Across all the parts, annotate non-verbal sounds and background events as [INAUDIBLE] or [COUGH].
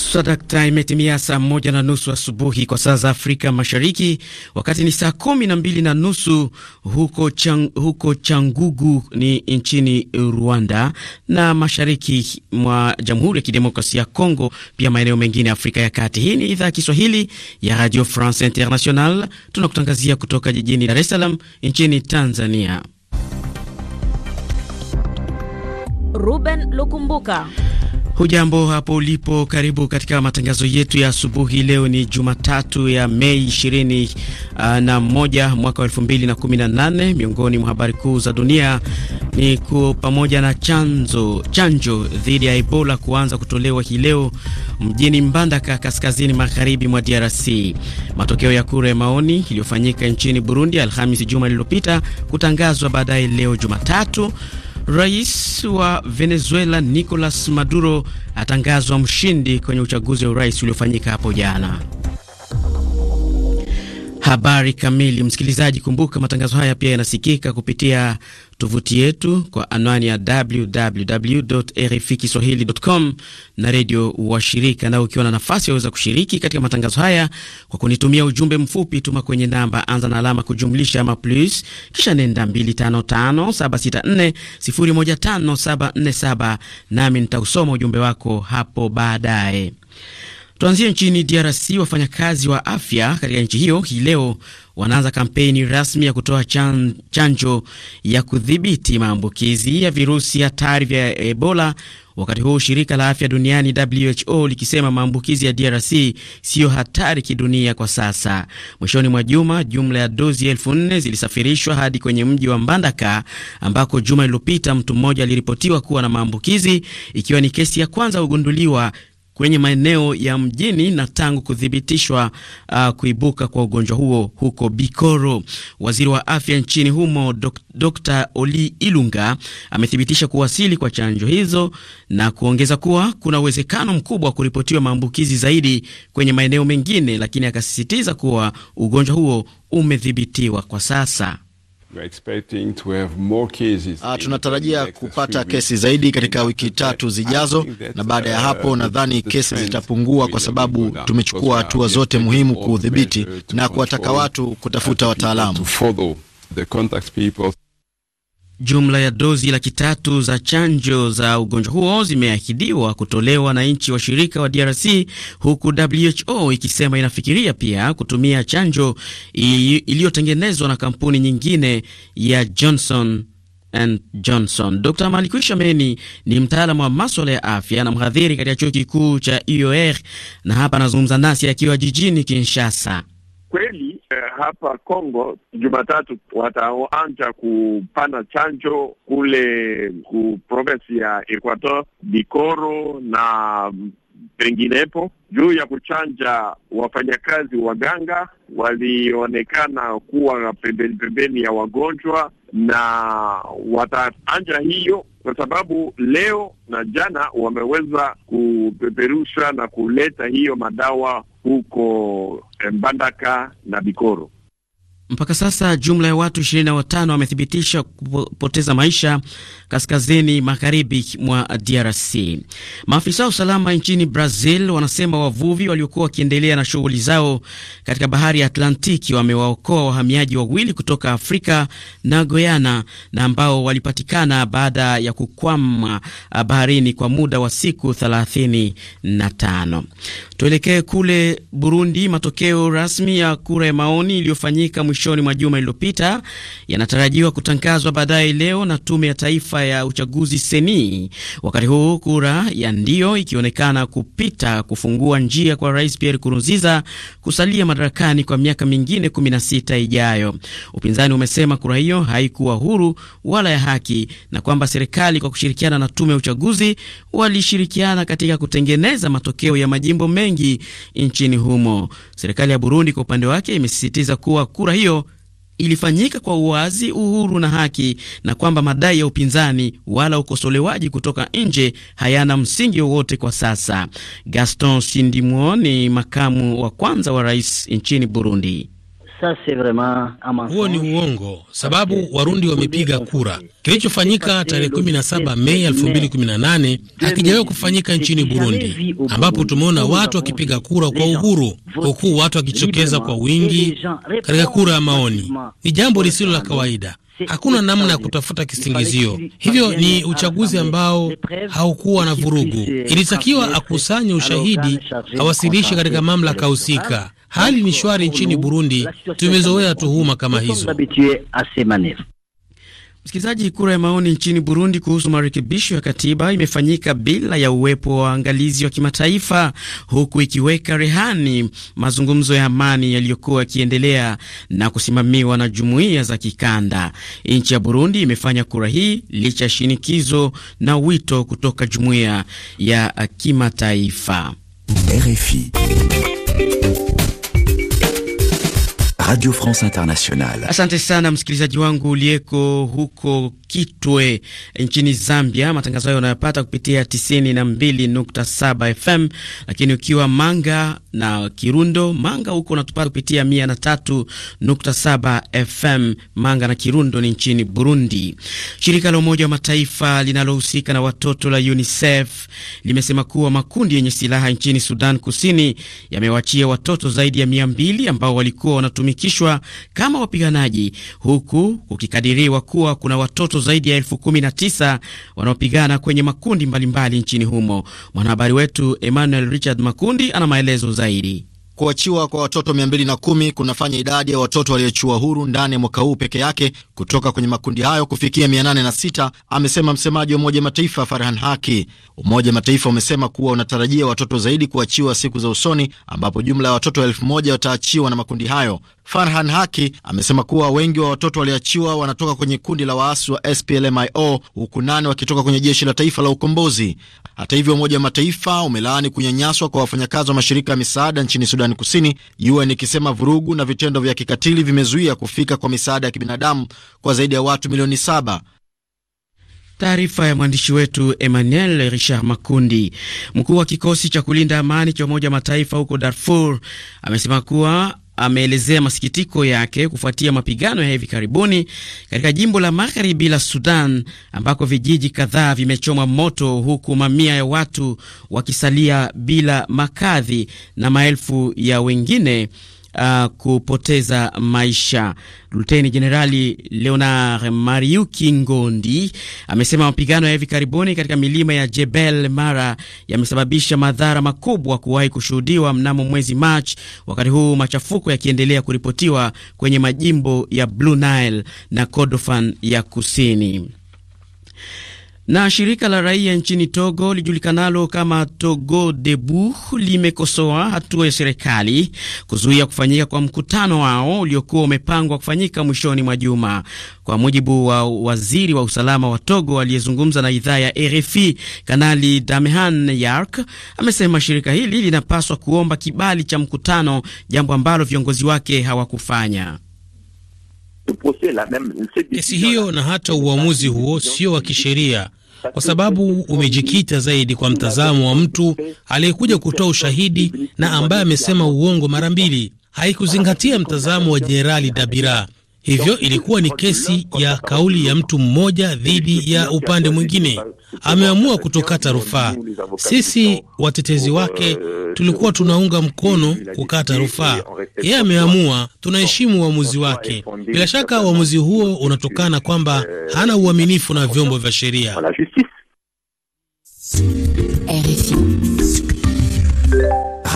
sadakta imetimia saa moja na nusu asubuhi kwa saa za Afrika Mashariki, wakati ni saa kumi na mbili na nusu huko, chang, huko Changugu ni nchini Rwanda na mashariki mwa Jamhuri ya Kidemokrasia ya Kongo, pia maeneo mengine ya Afrika ya Kati. Hii ni idhaa ya Kiswahili ya Radio France International, tunakutangazia kutoka jijini Dar es Salaam nchini Tanzania. Ruben Lukumbuka Hujambo hapo ulipo, karibu katika matangazo yetu ya asubuhi. Leo ni Jumatatu ya Mei ishirini ah, na moja mwaka 2018. Miongoni mwa habari kuu za dunia ni pamoja na chanzo, chanjo dhidi ya Ebola kuanza kutolewa hii leo mjini Mbandaka, kaskazini magharibi mwa DRC. Matokeo ya kura ya maoni iliyofanyika nchini Burundi Alhamisi juma lililopita kutangazwa baadaye leo Jumatatu. Rais wa Venezuela Nicolas Maduro atangazwa mshindi kwenye uchaguzi wa urais uliofanyika hapo jana. Habari kamili, msikilizaji, kumbuka matangazo haya pia yanasikika kupitia tovuti yetu kwa anwani ya www RFI kiswahilicom na redio washirika. Nao ukiwa na nafasi waweza kushiriki katika matangazo haya kwa kunitumia ujumbe mfupi. Tuma kwenye namba, anza na alama kujumlisha ama plus, kisha nenda 255764015747 nami nitausoma ujumbe wako hapo baadaye. Tuanzie nchini DRC. Wafanyakazi wa afya katika nchi hiyo hii leo wanaanza kampeni rasmi ya kutoa chan, chanjo ya kudhibiti maambukizi ya virusi hatari vya Ebola, wakati huu shirika la afya duniani WHO likisema maambukizi ya DRC siyo hatari kidunia kwa sasa. Mwishoni mwa juma, jumla ya dozi elfu nne zilisafirishwa hadi kwenye mji wa Mbandaka ambako juma lililopita mtu mmoja aliripotiwa kuwa na maambukizi, ikiwa ni kesi ya kwanza kugunduliwa kwenye maeneo ya mjini na tangu kuthibitishwa uh, kuibuka kwa ugonjwa huo huko Bikoro. Waziri wa afya nchini humo dok Dr. Oli Ilunga amethibitisha kuwasili kwa chanjo hizo na kuongeza kuwa kuna uwezekano mkubwa wa kuripotiwa maambukizi zaidi kwenye maeneo mengine, lakini akasisitiza kuwa ugonjwa huo umedhibitiwa kwa sasa. Ah, tunatarajia kupata kesi zaidi katika wiki tatu zijazo, na baada ya uh, hapo nadhani kesi zitapungua, kwa sababu tumechukua hatua zote muhimu kuudhibiti na kuwataka watu kutafuta wataalamu. Jumla ya dozi laki tatu za chanjo za ugonjwa huo zimeahidiwa kutolewa na nchi washirika wa DRC huku WHO ikisema inafikiria pia kutumia chanjo iliyotengenezwa na kampuni nyingine ya Johnson and Johnson. Dr. Malikwisha Meni ni mtaalamu wa maswala ya afya na mhadhiri katika chuo kikuu cha UOR na hapa anazungumza nasi akiwa jijini Kinshasa. Kweli hapa Kongo Jumatatu wataanja kupana chanjo kule ku ya Equator Bikoro na penginepo juu ya kuchanja wafanyakazi waganga walionekana kuwa pembeni pembeni ya wagonjwa, na wataanja hiyo kwa sababu leo na jana wameweza kupeperusha na kuleta hiyo madawa huko Mbandaka na Bikoro. Mpaka sasa jumla ya watu 25 wamethibitisha kupoteza maisha kaskazini magharibi mwa DRC. Maafisa wa usalama nchini Brazil wanasema wavuvi waliokuwa wakiendelea na shughuli zao katika bahari ya Atlantiki wamewaokoa wahamiaji wawili kutoka Afrika na Guyana na ambao walipatikana baada ya kukwama uh, baharini kwa muda wa siku 35. Tuelekee kule Burundi. Matokeo rasmi ya kura ya maoni iliyofanyika mwishoni mwa juma iliyopita yanatarajiwa kutangazwa baadaye leo na Tume ya Taifa ya Uchaguzi seni wakati huu kura ya ndio ikionekana kupita kufungua njia kwa Rais Pierre Nkurunziza kusalia madarakani kwa miaka mingine 16 ijayo. Upinzani umesema kura hiyo haikuwa huru wala ya haki na kwamba serikali kwa kushirikiana na tume ya uchaguzi walishirikiana katika kutengeneza matokeo ya majimbo mengi nchini humo. Serikali ya Burundi kwa upande wake imesisitiza kuwa kura hiyo ilifanyika kwa uwazi, uhuru na haki, na kwamba madai ya upinzani wala ukosolewaji kutoka nje hayana msingi wowote kwa sasa Gaston Sindimwo ni makamu wa kwanza wa rais nchini Burundi. Huo ni uongo, sababu Warundi wamepiga kura. Kilichofanyika tarehe 17 Mei 2018 hakijawahi kufanyika nchini Burundi, ambapo tumeona watu wakipiga kura kwa uhuru, huku watu wakichokeza kwa wingi katika kura ya maoni. Ni jambo lisilo la kawaida. Hakuna namna ya kutafuta kisingizio. Hivyo ni uchaguzi ambao haukuwa na vurugu. Ilitakiwa akusanye ushahidi, awasilishe katika mamlaka husika. Hali ni shwari nchini Burundi, tumezoea tuhuma kama hizo. Msikilizaji, kura ya maoni nchini Burundi kuhusu marekebisho ya katiba imefanyika bila ya uwepo wa waangalizi wa kimataifa, huku ikiweka rehani mazungumzo ya amani yaliyokuwa yakiendelea na kusimamiwa na jumuiya za kikanda. Nchi ya Burundi imefanya kura hii licha ya shinikizo na wito kutoka jumuiya ya kimataifa. RFI Radio France Internationale. Asante sana msikilizaji wangu uliyeko huko Kitwe nchini Zambia. Matangazo hayo unayopata kupitia 92.7 FM, lakini ukiwa Manga na Kirundo, Manga huko unatupata kupitia 103.7 FM. Manga na Kirundo ni nchini Burundi. Shirika la Umoja wa Mataifa linalohusika na watoto la UNICEF limesema kuwa makundi yenye silaha nchini Sudan Kusini yamewachia watoto zaidi ya 200 ambao walikuwa wanatumika kuandikishwa kama wapiganaji, huku kukikadiriwa kuwa kuna watoto zaidi ya elfu kumi na tisa wanaopigana kwenye makundi mbalimbali mbali nchini humo. Mwanahabari wetu Emmanuel Richard Makundi ana maelezo zaidi. Kuachiwa kwa watoto 210 kunafanya idadi ya watoto waliochiwa huru ndani ya mwaka huu peke yake kutoka kwenye makundi hayo kufikia 806, amesema msemaji wa Umoja Mataifa Farhan Haki. Umoja Mataifa umesema kuwa unatarajia watoto zaidi kuachiwa siku za usoni, ambapo jumla ya watoto 1000 wataachiwa na makundi hayo. Farhan Haki amesema kuwa wengi wa watoto walioachiwa wanatoka kwenye kundi la waasi wa SPLMIO huku nane wakitoka kwenye jeshi la taifa la ukombozi. Hata hivyo, Umoja wa Mataifa umelaani kunyanyaswa kwa wafanyakazi wa mashirika ya misaada nchini Sudan Sudan Kusini, UN ikisema vurugu na vitendo vya kikatili vimezuia kufika kwa misaada ya kibinadamu kwa zaidi ya watu milioni saba. Taarifa ya mwandishi wetu Emmanuel Richard Makundi. Mkuu wa kikosi cha kulinda amani cha Umoja wa Mataifa huko Darfur amesema kuwa ameelezea masikitiko yake kufuatia mapigano ya hivi karibuni katika jimbo la magharibi la Sudan ambako vijiji kadhaa vimechomwa moto huku mamia ya watu wakisalia bila makazi na maelfu ya wengine uh, kupoteza maisha. Luteni Jenerali Leonard Mariuki Ngondi amesema mapigano ya hivi karibuni katika milima ya Jebel Mara yamesababisha madhara makubwa kuwahi kushuhudiwa mnamo mwezi Machi, wakati huu machafuko yakiendelea kuripotiwa kwenye majimbo ya Blue Nile na Kordofan ya Kusini. Na shirika la raia nchini Togo lijulikanalo kama Togo Debout limekosoa hatua ya serikali kuzuia kufanyika kwa mkutano wao uliokuwa umepangwa kufanyika mwishoni mwa juma. Kwa mujibu wa waziri wa usalama wa Togo aliyezungumza na idhaa ya RFI, Kanali Damehan Yark amesema shirika hili linapaswa kuomba kibali cha mkutano, jambo ambalo viongozi wake hawakufanya. Kesi hiyo na hata uamuzi huo sio wa kisheria kwa sababu umejikita zaidi kwa mtazamo wa mtu aliyekuja kutoa ushahidi na ambaye amesema uongo mara mbili. Haikuzingatia mtazamo wa Jenerali Dabira Hivyo ilikuwa ni kesi ya kauli ya mtu mmoja dhidi ya upande mwingine. Ameamua kutokata rufaa. Sisi watetezi wake eh, tulikuwa tunaunga mkono kukata rufaa, yeye ameamua, tunaheshimu uamuzi wake. Bila shaka uamuzi huo unatokana kwamba eh, hana uaminifu na vyombo vya sheria.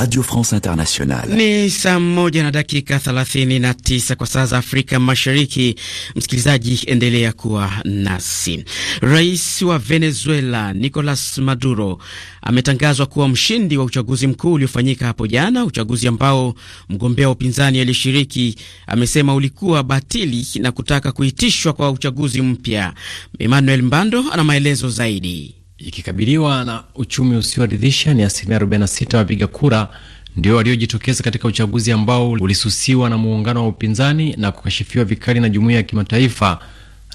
Radio France Internationale. Ni saa moja na dakika 39 kwa saa za Afrika Mashariki. Msikilizaji, endelea kuwa nasi. Rais wa Venezuela Nicolas Maduro ametangazwa kuwa mshindi wa uchaguzi mkuu uliofanyika hapo jana, uchaguzi ambao mgombea wa upinzani alishiriki amesema ulikuwa batili na kutaka kuitishwa kwa uchaguzi mpya. Emmanuel Mbando ana maelezo zaidi ikikabiliwa na uchumi usioridhisha, ni asilimia 46 wapiga kura ndio waliojitokeza katika uchaguzi ambao ulisusiwa na muungano wa upinzani na kukashifiwa vikali na jumuiya ya kimataifa,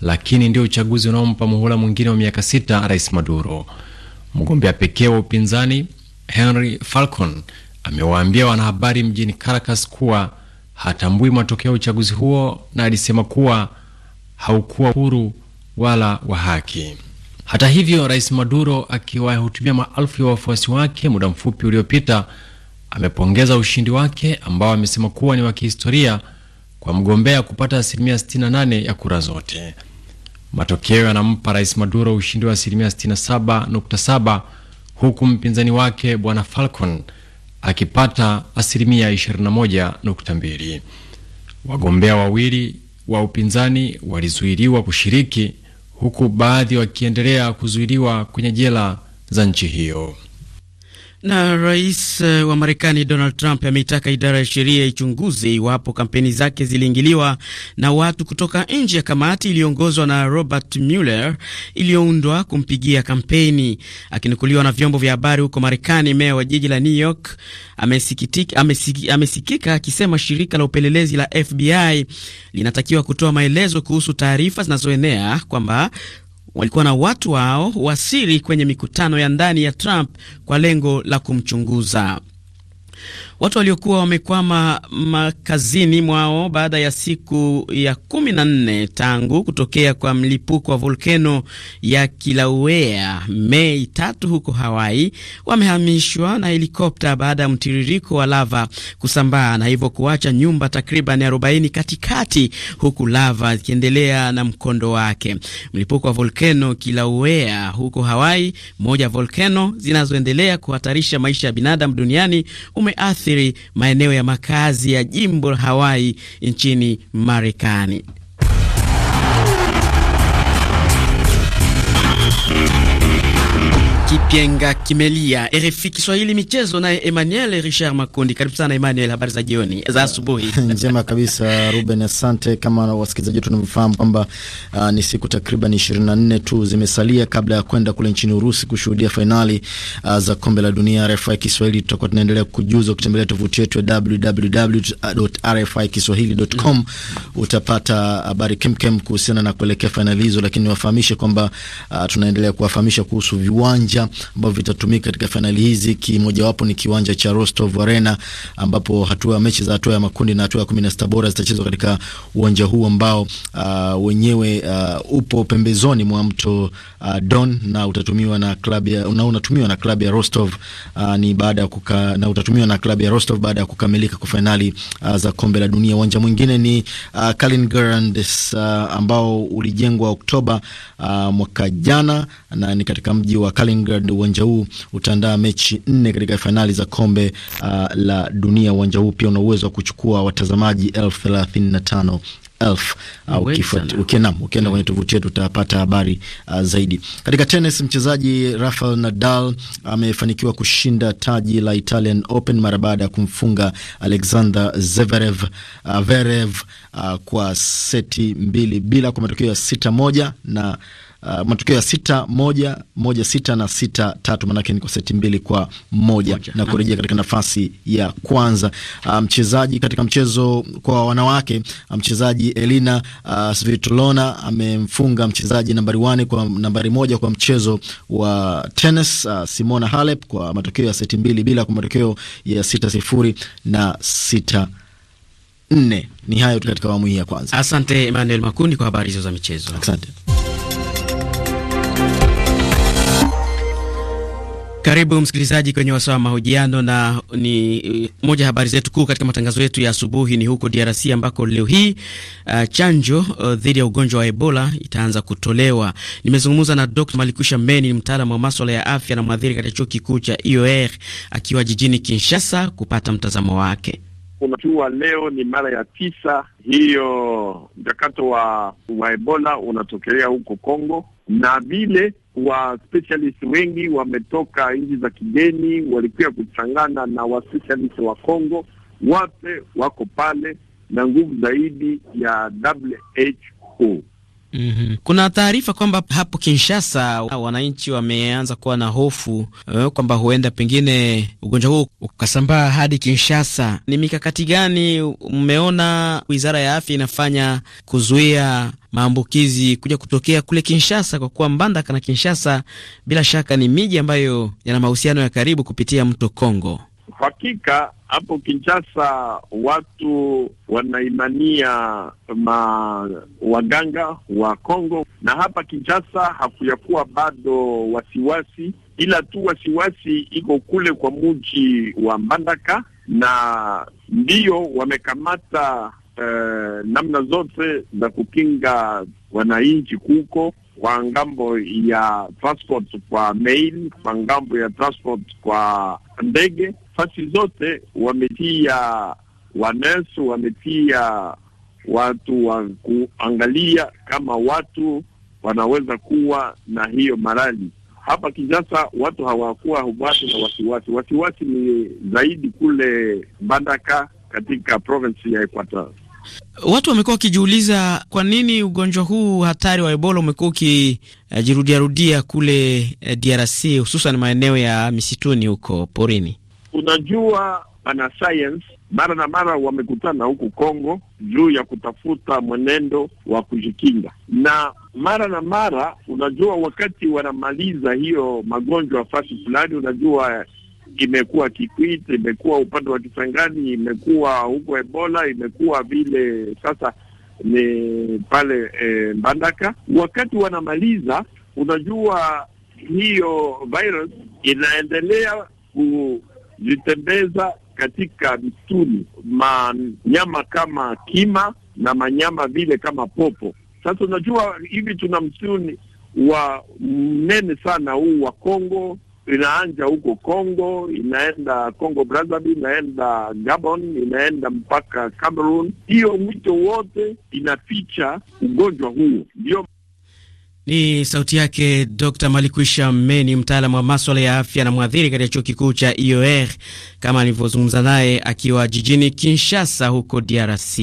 lakini ndio uchaguzi unaompa muhula mwingine wa miaka sita Rais Maduro. Mgombea pekee wa upinzani Henry Falcon amewaambia wanahabari mjini Caracas kuwa hatambui matokeo ya uchaguzi huo na alisema kuwa haukuwa huru wala wa haki. Hata hivyo, Rais Maduro akiwahutubia maelfu ya wafuasi wake muda mfupi uliopita, amepongeza ushindi wake ambao amesema kuwa ni wa kihistoria kwa mgombea kupata asilimia 68 ya kura zote. Matokeo yanampa Rais Maduro ushindi wa asilimia 67.7 huku mpinzani wake Bwana Falcon akipata asilimia 21.2. Wagombea wawili wa upinzani walizuiliwa kushiriki huku baadhi wakiendelea kuzuiliwa kwenye jela za nchi hiyo. Na rais eh, wa Marekani Donald Trump ameitaka idara ya sheria ichunguze iwapo kampeni zake ziliingiliwa na watu kutoka nje ya kamati iliyoongozwa na Robert Mueller iliyoundwa kumpigia kampeni. Akinukuliwa na vyombo vya habari huko Marekani, meya wa jiji la New York amesiki, amesikika akisema shirika la upelelezi la FBI linatakiwa kutoa maelezo kuhusu taarifa zinazoenea kwamba walikuwa na watu wao wasiri kwenye mikutano ya ndani ya Trump kwa lengo la kumchunguza. Watu waliokuwa wamekwama makazini mwao baada ya siku ya kumi na nne tangu kutokea kwa mlipuko wa volkeno ya Kilauea Mei tatu huko Hawaii wamehamishwa na helikopta baada ya mtiririko wa lava kusambaa na hivyo kuacha nyumba takriban 40 katikati, huku lava ikiendelea na mkondo wake. Mlipuko wa volkeno Kilauea huko Hawaii, moja volkeno zinazoendelea kuhatarisha maisha ya binadamu duniani, umeathiri kuathiri maeneo ya makazi ya jimbo la Hawaii nchini Marekani. Kipyenga kimelia. RFI Kiswahili michezo, naye Emmanuel Richard Makundi. Karibu sana Emmanuel, habari za jioni, za asubuhi [LAUGHS] njema kabisa Ruben, asante. Kama wasikilizaji wetu tunavyofahamu kwamba uh, ni siku takriban 24 tu zimesalia kabla ya kwenda kule nchini Urusi kushuhudia fainali uh, za kombe la dunia. RFI Kiswahili tutakuwa tunaendelea kujuza, ukitembelea tovuti yetu ya www.rfikiswahili.com mm-hmm. utapata habari kemkem kuhusiana na kuelekea fainali hizo, lakini wafahamishe kwamba uh, tunaendelea kuwafahamisha kuhusu viwanja viwanja ambavyo vitatumika katika fainali hizi. Kimojawapo ni kiwanja cha Rostov Arena, ambapo hatua ya mechi za hatua ya makundi na hatua ya kumi na sita bora zitachezwa katika uwanja huu ambao uh, wenyewe uh, upo pembezoni mwa mto uh, Don na utatumiwa na klabu ya na unatumiwa na klabu ya Rostov uh, ni baada ya kuka, na utatumiwa na klabu ya Rostov baada ya kukamilika kwa fainali uh, za kombe la dunia. Uwanja mwingine ni uh, Kaliningrad uh, ambao ulijengwa Oktoba uh, mwaka jana na ni katika mji wa Kaliningrad Belgrad. Uwanja huu utaandaa mechi nne katika fainali za kombe uh, la dunia. Uwanja huu pia una uwezo wa kuchukua watazamaji elfu thelathini na tano uh, ukienda ukienda kwenye tovuti yetu utapata habari uh, zaidi. Katika tenis, mchezaji Rafael Nadal amefanikiwa kushinda taji la Italian Open mara baada ya kumfunga Alexander Zverev uh, Verev uh, kwa seti mbili bila kwa matokeo ya sita moja na uh, matokeo ya sita moja moja sita na sita tatu, manake ni kwa seti mbili kwa moja, moja. na kurejea katika nafasi ya kwanza uh, mchezaji um, katika mchezo kwa wanawake uh, mchezaji um, Elina uh, Svitolona amemfunga mchezaji nambari wane kwa nambari moja kwa mchezo wa tennis uh, Simona Halep kwa matokeo ya seti mbili bila kwa matokeo ya sita sifuri na sita nne. Ni hayo tu katika awamu hii ya kwanza. Asante Emmanuel Makundi kwa habari hizo za michezo. Asante. Karibu msikilizaji kwenye wasaa wa mahojiano na ni eh, moja ya habari zetu kuu katika matangazo yetu ya asubuhi ni huko DRC ambako leo hii uh, chanjo uh, dhidi ya ugonjwa wa Ebola itaanza kutolewa. Nimezungumza na Dr. Malikusha Meni, mtaalamu wa masuala ya afya na mwadhiri katika chuo kikuu cha IOR akiwa jijini Kinshasa kupata mtazamo wake. Unajua, leo ni mara ya tisa hiyo mchakato wa, wa Ebola unatokelea huko Kongo, na vile wa specialist wengi wametoka nchi za kigeni, walikuwa kuchangana na wa specialist wa Kongo, wote wako pale na nguvu zaidi ya WHO Mm -hmm. Kuna taarifa kwamba hapo Kinshasa wananchi wameanza kuwa na hofu uh, kwamba huenda pengine ugonjwa huo ukasambaa hadi Kinshasa. Ni mikakati gani mmeona Wizara ya Afya inafanya kuzuia maambukizi kuja kutokea kule Kinshasa, kwa kuwa Mbandaka na Kinshasa bila shaka ni miji ambayo yana mahusiano ya karibu kupitia mto Kongo? Hakika hapo Kinshasa watu wanaimania ma waganga wa Kongo, na hapa Kinshasa hakuyakuwa bado wasiwasi, ila tu wasiwasi iko kule kwa muji wa Mbandaka, na ndiyo wamekamata eh, namna zote za kukinga wananchi kuko kwa ngambo ya transport kwa mail, kwa ngambo ya transport kwa ndege nafasi zote wametia wanesu, wametia watu wa kuangalia kama watu wanaweza kuwa na hiyo marali hapa Kinshasa. Watu hawakuwa watu na wasiwasi. Wasiwasi ni zaidi kule Mbandaka katika provinsi ya Equateur. Watu wamekuwa wakijiuliza kwa nini ugonjwa huu hatari wa Ebola umekuwa ukijirudiarudia kule eh, DRC, hususan maeneo ya misituni huko porini. Unajua, ana science mara na mara wamekutana huku Kongo juu ya kutafuta mwenendo wa kujikinga, na mara na mara, unajua, wakati wanamaliza hiyo magonjwa fasi fulani, unajua imekuwa Kikwit, imekuwa upande wa Kisangani, imekuwa huko Ebola, imekuwa vile sasa ni pale e, Mbandaka. Wakati wanamaliza, unajua hiyo virus inaendelea ku zitembeza katika msituni manyama kama kima na manyama vile kama popo. Sasa unajua hivi tuna msituni wa mnene sana huu wa Kongo, inaanja huko Kongo, inaenda Kongo Brazzaville, inaenda Gabon, inaenda mpaka Cameroon. Hiyo mwito wote inaficha ugonjwa huo, ndio ni sauti yake Dr Malikwisha meni mtaalamu wa maswala ya afya na mwadhiri katika chuo kikuu cha IOR, kama alivyozungumza naye akiwa jijini Kinshasa huko DRC.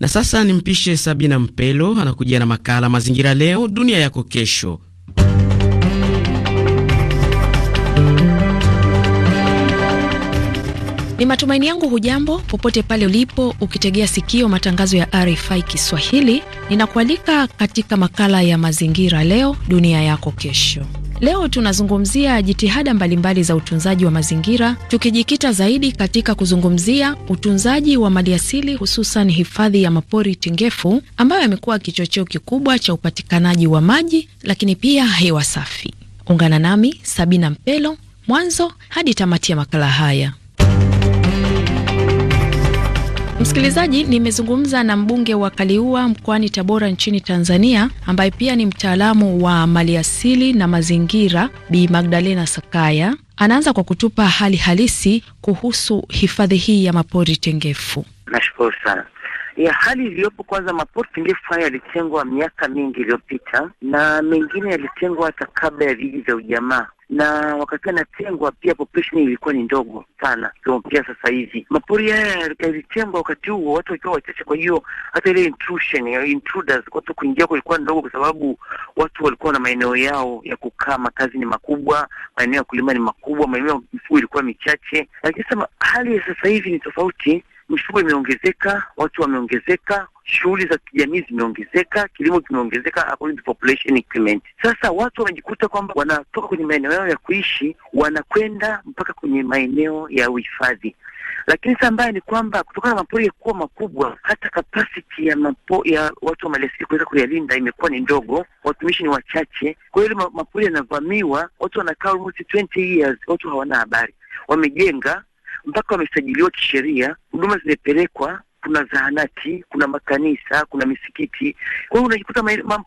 Na sasa nimpishe Sabina Mpelo anakujia na makala Mazingira Leo Dunia Yako Kesho. Ni matumaini yangu hujambo popote pale ulipo, ukitegea sikio matangazo ya RFI Kiswahili. Ninakualika katika makala ya mazingira, leo dunia yako kesho. Leo tunazungumzia jitihada mbalimbali za utunzaji wa mazingira, tukijikita zaidi katika kuzungumzia utunzaji wa maliasili, hususan hifadhi ya mapori tengefu ambayo yamekuwa kichocheo kikubwa cha upatikanaji wa maji, lakini pia hewa safi. Ungana nami Sabina Mpelo mwanzo hadi tamati ya makala haya. Msikilizaji, nimezungumza na mbunge wa Kaliua mkoani Tabora nchini Tanzania, ambaye pia ni mtaalamu wa maliasili na mazingira, Bi Magdalena Sakaya. Anaanza kwa kutupa hali halisi kuhusu hifadhi hii ya mapori tengefu. Nashukuru sana ya hali iliyopo. Kwanza, maporti ndefu haya yalitengwa miaka mingi iliyopita, na mengine yalitengwa hata kabla ya vijiji vya ujamaa na wakati anatengwa pia population ilikuwa ni ndogo sana, pia sasa hivi mapori haya yalitengwa wakati huo watu wakiwa wachache. Kwa hiyo hata ile intrusion, intruders, watu kuingia kulikuwa ndogo, kwa sababu watu walikuwa na maeneo yao ya kukaa, makazi ni makubwa, maeneo ya kulima ni makubwa, maeneo ya mifugo ilikuwa michache. Lakini sasa hali ya sasa hivi ni tofauti, mifugo imeongezeka, watu wameongezeka, shughuli za kijamii zimeongezeka, kilimo kimeongezeka, population increment. Sasa watu wamejikuta kwamba wanatoka kwenye maeneo yao ya kuishi wanakwenda mpaka kwenye maeneo ya uhifadhi, lakini sasa mbaya ni kwamba kutokana na mapori kuwa makubwa, hata kapasiti ya mapo, ya watu wa maliasili kuweza kuyalinda imekuwa ni ndogo, watumishi ni wachache. Kwa hiyo mapori yanavamiwa, watu wanakaa almost 20 years, watu hawana habari, wamejenga mpaka wamesajiliwa kisheria, huduma zimepelekwa kuna zahanati, kuna makanisa, kuna misikiti. Kwa hiyo unajikuta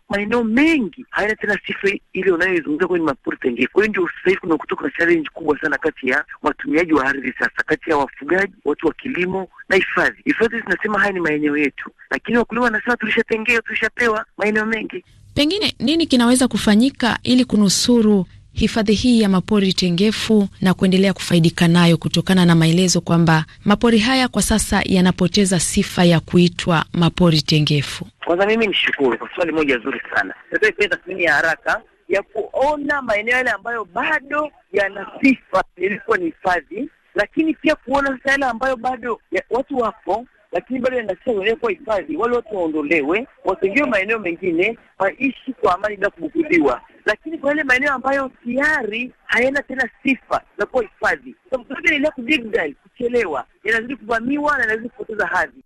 maeneo mengi hayana tena sifa ile unayoizungumza kwenye mapori pengine. Kwa hiyo ndio sasa hivi kunakuta kuna challenge kubwa sana kati ya watumiaji wa ardhi sasa, kati ya wafugaji, watu wa kilimo na hifadhi. Hifadhi zinasema haya ni maeneo yetu, lakini wakulima wanasema tulishatengewa, tulishapewa maeneo mengi. Pengine nini kinaweza kufanyika ili kunusuru hifadhi hii ya mapori tengefu na kuendelea kufaidika nayo kutokana na maelezo kwamba mapori haya kwa sasa yanapoteza sifa ya kuitwa mapori tengefu. Kwanza mimi nishukuru kwa swali moja zuri sana, natoa tathmini ya haraka ya kuona maeneo yale ambayo bado yana sifa ilikuwa ni hifadhi, lakini pia kuona sasa yale ambayo bado ya, watu wapo lakini bado wenyewe kuwa hifadhi, wale watu waondolewe, watengewe maeneo mengine, waishi kwa amani bila kubukuliwa lakini kwa yale maeneo ambayo tayari hayana tena sifa za kuwa hifadhi, sababu inaendelea kudigdai, kuchelewa, yanazidi kuvamiwa na yanazidi kupoteza hadhi.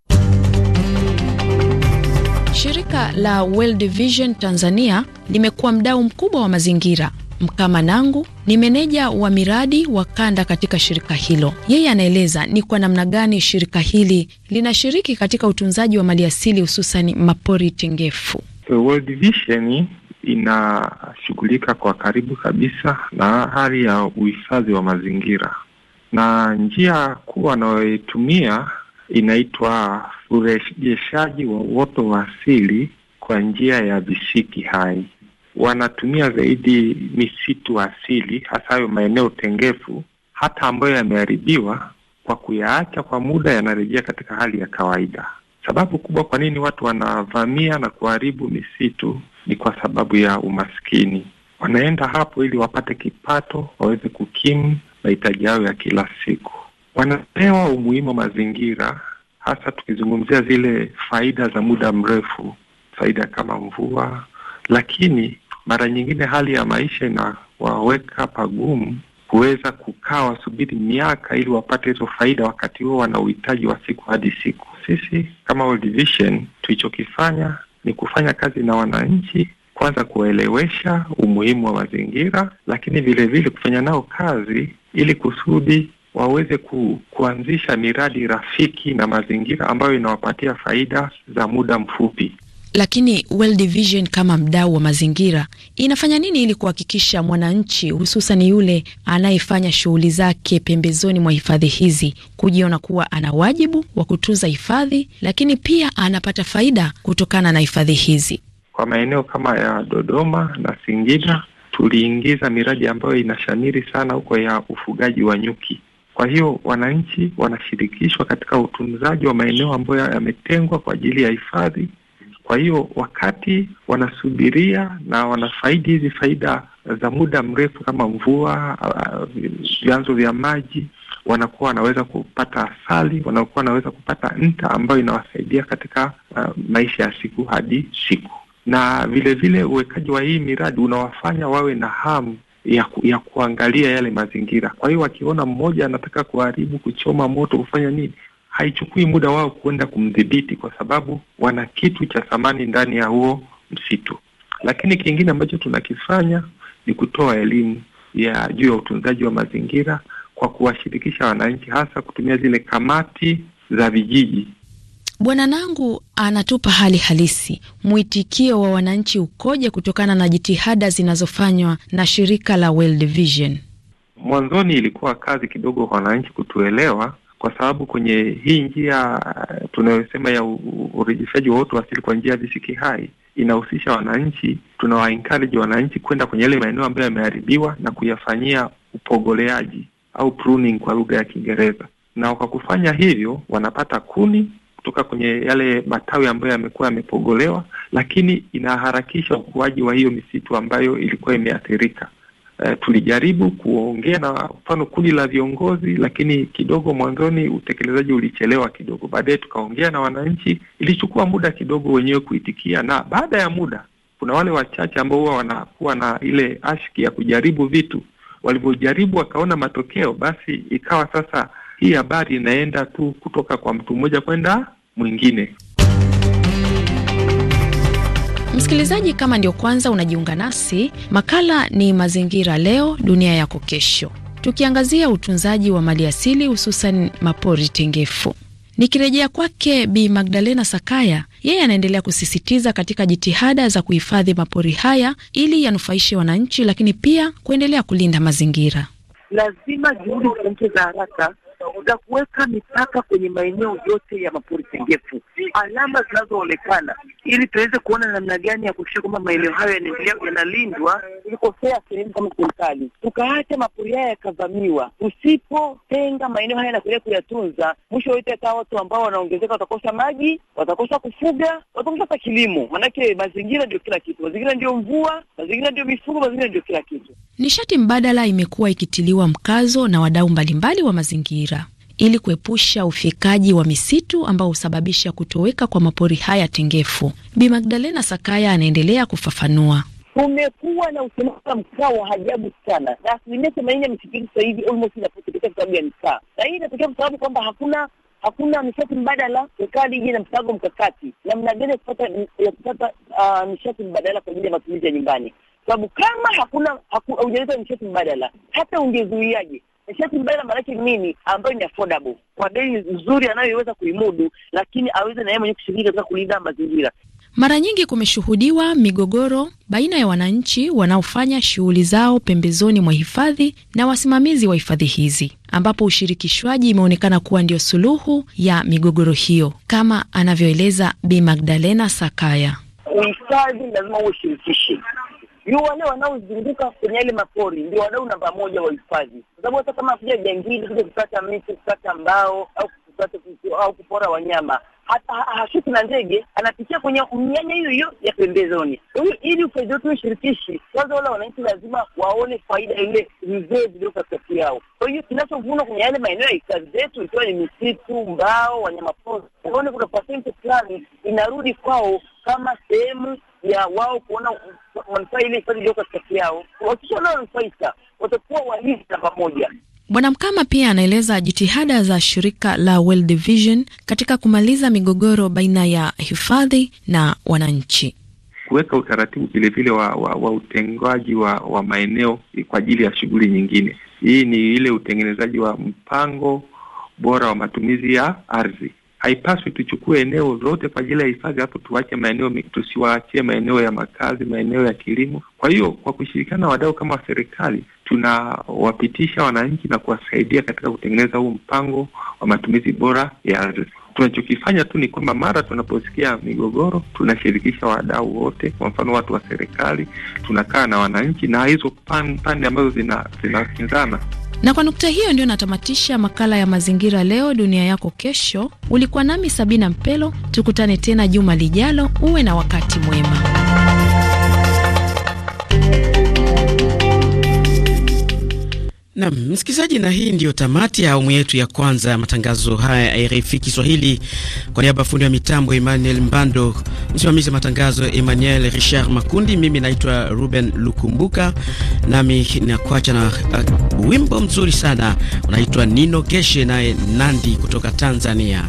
Shirika la World Vision Tanzania limekuwa mdau mkubwa wa mazingira. Mkama Nangu ni meneja wa miradi wa kanda katika shirika hilo. Yeye anaeleza ni kwa namna gani shirika hili linashiriki katika utunzaji wa maliasili hususani mapori tengefu. So World Vision inashughulika kwa karibu kabisa na hali ya uhifadhi wa mazingira, na njia kuu wanayoitumia inaitwa urejeshaji wa uoto wa asili kwa njia ya visiki hai. Wanatumia zaidi misitu asili, hasa hayo maeneo tengefu, hata ambayo yameharibiwa, kwa kuyaacha kwa muda yanarejea katika hali ya kawaida. Sababu kubwa kwa nini watu wanavamia na kuharibu misitu ni kwa sababu ya umaskini. Wanaenda hapo ili wapate kipato, waweze kukimu mahitaji yao ya kila siku. Wanapewa umuhimu wa mazingira, hasa tukizungumzia zile faida za muda mrefu, faida kama mvua, lakini mara nyingine hali ya maisha inawaweka pagumu kuweza kukaa wasubiri miaka ili wapate hizo faida, wakati huo wana uhitaji wa siku hadi siku sisi kama World Vision tulichokifanya ni kufanya kazi na wananchi, kwanza kuwaelewesha umuhimu wa mazingira, lakini vilevile vile kufanya nao kazi ili kusudi waweze ku, kuanzisha miradi rafiki na mazingira ambayo inawapatia faida za muda mfupi. Lakini World Vision kama mdau wa mazingira inafanya nini ili kuhakikisha mwananchi, hususan yule anayefanya shughuli zake pembezoni mwa hifadhi hizi, kujiona kuwa ana wajibu wa kutunza hifadhi, lakini pia anapata faida kutokana na hifadhi hizi? Kwa maeneo kama ya Dodoma na Singida tuliingiza miradi ambayo inashamiri sana huko ya ufugaji wa nyuki. Kwa hiyo wananchi wanashirikishwa katika utunzaji wa maeneo ambayo yametengwa kwa ajili ya hifadhi kwa hiyo wakati wanasubiria na wanafaidi hizi faida za muda mrefu kama mvua, uh, vyanzo vya maji, wanakuwa wanaweza kupata asali, wanakuwa wanaweza kupata nta ambayo inawasaidia katika uh, maisha ya siku hadi siku, na vile vile uwekaji wa hii miradi unawafanya wawe na hamu ya, ku, ya kuangalia yale mazingira. Kwa hiyo wakiona mmoja anataka kuharibu, kuchoma moto, kufanya nini, haichukui muda wao kuenda kumdhibiti, kwa sababu wana kitu cha thamani ndani ya huo msitu. Lakini kingine ambacho tunakifanya ni kutoa elimu ya juu ya utunzaji wa mazingira kwa kuwashirikisha wananchi, hasa kutumia zile kamati za vijiji. Bwana Nangu anatupa hali halisi, mwitikio wa wananchi ukoje kutokana na jitihada zinazofanywa na shirika la World Vision? Mwanzoni ilikuwa kazi kidogo kwa wananchi kutuelewa kwa sababu kwenye hii njia eh, tunayosema ya urejeshaji wa uoto asili kwa njia ya visiki hai inahusisha wananchi, tunawa encourage wananchi kwenda kwenye yale maeneo ambayo yameharibiwa na kuyafanyia upogoleaji au pruning kwa lugha ya Kiingereza, na kwa kufanya hivyo wanapata kuni kutoka kwenye yale matawi ambayo yamekuwa yamepogolewa, lakini inaharakisha ukuaji wa hiyo misitu ambayo ilikuwa imeathirika. Eh, tulijaribu kuongea na mfano kundi la viongozi, lakini kidogo mwanzoni utekelezaji ulichelewa kidogo. Baadaye tukaongea na wananchi, ilichukua muda kidogo wenyewe kuitikia, na baada ya muda kuna wale wachache ambao huwa wanakuwa na ile ashki ya kujaribu vitu. Walivyojaribu wakaona matokeo, basi ikawa sasa hii habari inaenda tu kutoka kwa mtu mmoja kwenda mwingine. Msikilizaji, kama ndio kwanza unajiunga nasi, makala ni Mazingira Leo Dunia Yako Kesho, tukiangazia utunzaji wa mali asili, hususan mapori tengefu. Nikirejea kwake Bi Magdalena Sakaya, yeye anaendelea kusisitiza katika jitihada za kuhifadhi mapori haya ili yanufaishe wananchi, lakini pia kuendelea kulinda mazingira. Lazima juhudi zifanyike za haraka za kuweka mipaka kwenye maeneo yote ya mapori tengefu, alama zinazoonekana, ili tuweze kuona namna gani ya kuhakikisha kwamba maeneo hayo yanaendelea yanalindwa. Tulikosea sehemu kama serikali, tukaacha mapori haya yakavamiwa. Tusipotenga maeneo haya na kuendelea kuyatunza, mwisho wote ataa watu ambao wanaongezeka watakosa maji, watakosa kufuga, watakosa hata kilimo, maanake mazingira ndio kila kitu. Mazingira ndio mvua, mazingira ndio mifugo, mazingira ndio kila kitu. Nishati mbadala imekuwa ikitiliwa mkazo na wadau mbalimbali wa mazingira ili kuepusha ufikaji wa misitu ambao husababisha kutoweka kwa mapori haya tengefu. Bi Magdalena Sakaya anaendelea kufafanua. Kumekuwa na usimama mkaa wa ajabu sana, na asilimia themanini ya misitu sasa hivi almost kwa sababu ya mkaa, na hii inatokea kwa sababu kwamba hakuna hakuna nishati mbadala. Serikali ije na mpango mkakati namna gani ya kupata ya kupata uh, nishati mbadala kwa ajili ya matumizi ya nyumbani, sababu kama hakuna hujaleta nishati mbadala, hata ungezuiaje nishati mbadala maanake nini, ambayo ni affordable kwa bei nzuri anayoweza kuimudu, lakini aweze na yeye mwenyewe kushiriki katika kulinda mazingira. Mara nyingi kumeshuhudiwa migogoro baina ya wananchi wanaofanya shughuli zao pembezoni mwa hifadhi na wasimamizi wa hifadhi hizi, ambapo ushirikishwaji imeonekana kuwa ndio suluhu ya migogoro hiyo, kama anavyoeleza Bi Magdalena Sakaya. Uhifadhi lazima uwe shirikishi juu wale wanaozunguka kwenye yale mapori ndio wadau namba moja wa hifadhi, kwa sababu hata kama kuja jangili kuja kukata miti, kukata mbao au kupora wanyama hashuki na ndege, anapitia kwenye mianya hiyo hiyo ya pembezoni. Ili ufaidi wetu ushirikishi kwanza, wale wananchi lazima waone faida ile mzee zilio katikati yao. Kwa hiyo kinachovunwa kwenye yale maeneo ya hifadhi zetu, ikiwa ni misitu, mbao, wanyamapori, waone kuna pasenti fulani inarudi kwao kama sehemu ya wao kuona manufaa ile hifadhi iliyo katikati yao. Wakishaona wanufaika watakuwa wahisi na pamoja. Bwana Mkama pia anaeleza jitihada za shirika la World Vision katika kumaliza migogoro baina ya hifadhi na wananchi kuweka utaratibu vilevile wa, wa, wa utengaji wa, wa maeneo kwa ajili ya shughuli nyingine. Hii ni ile utengenezaji wa mpango bora wa matumizi ya ardhi. Haipaswi tuchukue eneo lote kwa ajili ya hifadhi, hapo tuwache maeneo, tusiwaachie maeneo ya makazi, maeneo ya kilimo. Kwa hiyo kwa kushirikiana na wadau kama serikali tunawapitisha wananchi na kuwasaidia katika kutengeneza huu mpango wa matumizi bora ya ardhi. Tunachokifanya tu ni kwamba mara tunaposikia migogoro, tunashirikisha wadau wote, kwa mfano watu wa serikali, tunakaa na wananchi na hizo pande ambazo zinakinzana na kwa nukta hiyo ndio natamatisha makala ya mazingira leo, dunia yako kesho. Ulikuwa nami Sabina Mpelo, tukutane tena juma lijalo. Uwe na wakati mwema. Nam msikilizaji, na hii ndiyo tamati ya awamu yetu ya kwanza ya matangazo haya ya RFI Kiswahili. Kwa niaba ya fundi wa mitambo Emmanuel Mbando, msimamizi wa matangazo Emmanuel Richard Makundi, mimi naitwa Ruben Lukumbuka, nami nakuacha na uh, wimbo mzuri sana unaitwa Nino Geshe naye Nandi kutoka Tanzania.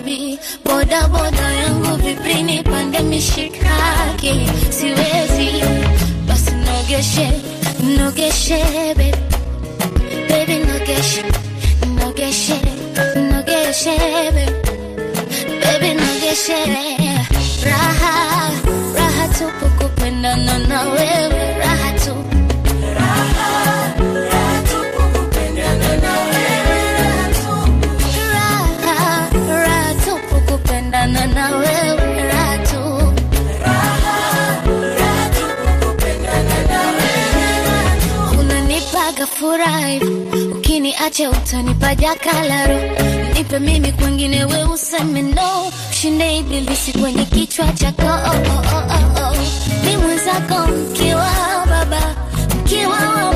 baby, boda boda yangu viprini, pande mishikaki, siwezi basi nogeshe, nogeshe baby, baby nogeshe, nogeshe, nogeshe baby, baby nogeshe acha utanipa jakalaro, nipe mimi kwengine, we useme no, shinde ibilisi kwenye kichwa chako. Oh, oh, oh, oh, oh. Ni mwenzako mkiwa baba mkiwa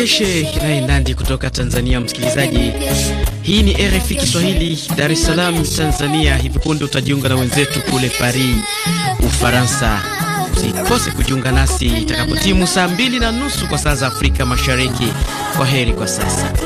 Keshe naye Ndandi kutoka Tanzania. Msikilizaji, hii ni RFI Kiswahili, Dar es Salaam, Tanzania. Hivi punde utajiunga na wenzetu kule Paris, Ufaransa. Usikose kujiunga nasi itakapotimu saa mbili na nusu kwa saa za Afrika Mashariki. Kwa heri kwa sasa.